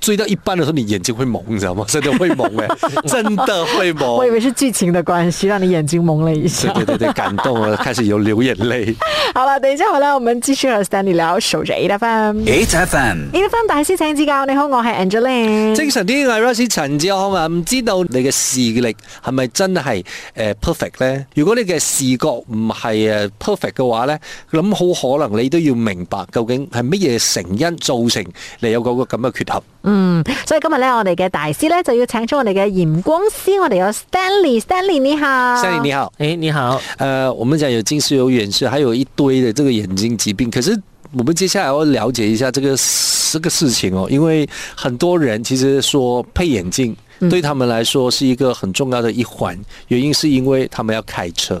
追到一半的時候，你眼睛會懵，你知道嗎？真的會懵誒，真的會懵。 我以為是劇情的關係，讓你眼睛懵了一下。對 對對對，感動開開始要流眼淚。 好啦，等陣好啦，我們繼續和 Stanley 聊。收者 A F M，A F M，A F M，大師請指教，你好，我係 Angela。精神啲係律師陳志康啊，唔知道你嘅視力係咪真係誒 perfect 咧？如果你嘅視覺唔係誒 perfect 嘅話咧，咁好可能你都要明白究竟係乜嘢成因造成你有嗰個咁嘅缺陷。嗯，所以今日咧，我哋嘅大師咧就要請出我哋嘅驗光師，我哋有 Stanley，Stanley 你好，Stanley 你好，誒你好，誒、欸呃，我們講有近視有遠視，還有一堆的這個眼睛疾病，可是我們接下來要了解一下這個這個事情哦，因為很多人其實說配眼鏡、嗯、對他們來說是一個很重要的一環，原因是因為他們要開車。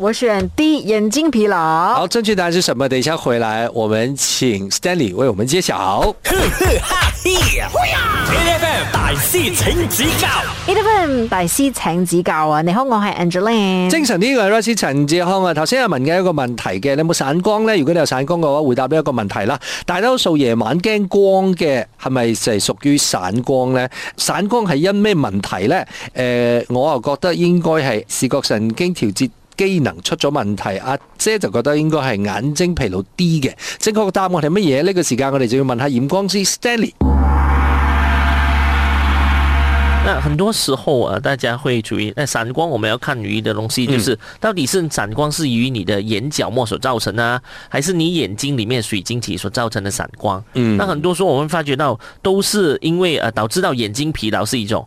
我選 D 眼睛疲勞。好，正確答案是什麼？等一下回來，我們請 Stanley 為我們揭曉。A. F. M. 大師請指教。A.、欸、M. 大師請指教啊！你好，我係 Angelina。精神呢個係 Rosey 陳志康啊。頭先阿文嘅一個問題嘅，你有冇散光咧？如果你有散光嘅話，回答呢一個問題啦。大多數夜晚驚光嘅係咪就係屬於散光咧？散光係因咩問題咧？誒、呃，我又覺得應該係視覺神經調節，機能出咗問題，阿姐，姐就覺得應該係眼睛疲勞啲嘅。正確嘅答案係乜嘢？呢、這個時間我哋就要問下驗光師 Stanley。那很多時候啊，大家會注意，那、哎、散光我們要看於嘅東西，就是、嗯、到底是散光是於你的眼角膜所造成啊，還是你眼睛裏面水晶體所造成的散光？嗯，那很多時候我們發覺到，都是因為啊，導致到眼睛疲勞是一種。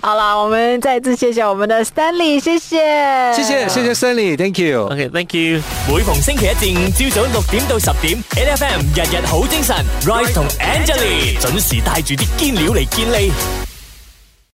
好啦，我們再次謝謝我們的 Stanley，謝謝，謝謝，謝謝 Stanley，Thank you，OK，Thank you，每逢星期一至五朝早六點到十點，N F M 日日好精神，Rice 同 Angelie 準時帶住啲堅料嚟健力。